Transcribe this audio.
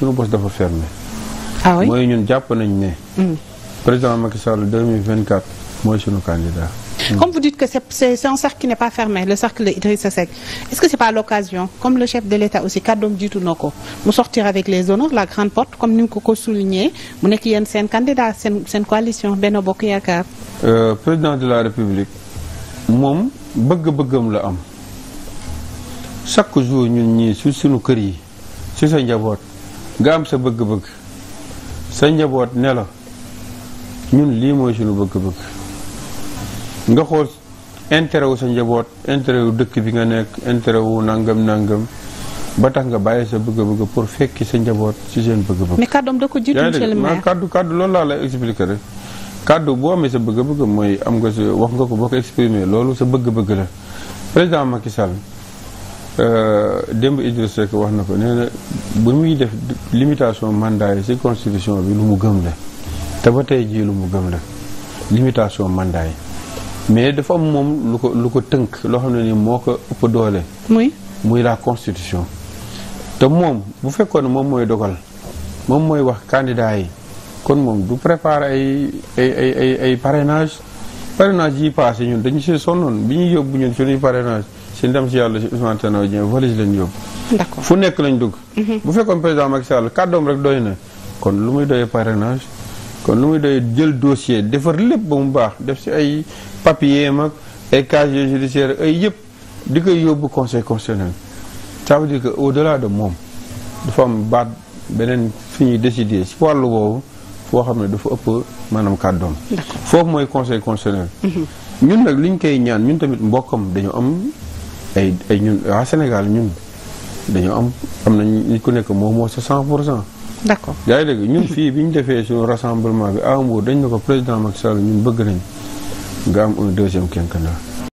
suñu bos dafa fermé. ah oui mooy ñun jàpp nañ ne. Mm. président Macky Sall 2024 mooy suñu candidat. Mm. comme vous dites que c'est c'est un cercle qui n'est pas fermé le cercle de Idrissa Seck est-ce que c'est pas l'occasion comme le chef de l'État aussi kàddoom jiitu na ko mu sortir avec les honneurs la grande porte comme ni nga ko ko souligné mu nekk yéen seen candidat seen coalition Benno Bokk Yaakaar. Euh, président de la République moom bëgg-bëggam la am chaque jour ñu ñii su sunu kër yi ci sa nga am sa bëgg-bëgg sa njaboot nelaw ñun lii mooy suñu bëgg-bëgg nga xool intérêt wu sa njaboot intérêt wu dëkk bi nga nekk intérêt wu nangam nangam ba tax nga bàyyi sa bëgg-bëgg pour fekki sa njaboot si seen bëgg-bëgg. mais kàddoom ko jiitu monsieur le maire kàddu kàddu loolu laa lay expliqué rek. kàddu boo amee sa bëgg-bëgg mooy am nga si wax nga ko boo ko exprimer loolu sa bëgg-bëgg la président Macky sal Euh, démb Idriss Seck wax na ko nee na bu muy def limitation mandat yi ci constitution bi lu mu gëm la te ba tey jii lu mu gëm la limitation mandat mais dafa am moom lu ko lu ko tënk loo xam ne ni moo ko ëpp doole. muy muy la constitution. te moom bu fekkoon moom mooy dogal moom mooy wax candidat yi kon moom du préparer ay ay ay ay ay parrainage parrainage yi paase ñun dañu si sonnoon bi ñu yóbbu ñun suñuy parenage si ndem si yàlla si Ousmane Tanor Dieng valise lañ yóbbu. fu nekk lañ dugg. Mhm. bu fekkoon président Macky Sall kàddoom rek doy na kon lu muy doyee parrainage kon lu muy doyee jël dossier defar lépp ba mu baax def si ay papier mag ay casier judiciaire ay yëpp di koy yóbbu conseil constitutionnel ça veut dire que au delà de moom dafa am baat beneen fi ñuy décider si wàll woowu foo xam ne dafa ëpp maanaam kàddoom. foofu mooy conseil constitutionnel. Mhm. ñun nag liñ koy ñaan ñun tamit ay ay ñun waa Sénégal da dañoo am am nañ nit ku nekk moom moo sa cent pour cent. d' accord yaa ngi dégg ñun fii bi ñu defee suñu rassemblement bi à Mbour dañ ne ko président Macky Sall ñun bëgg nañ nga am un deuxième quinquennat.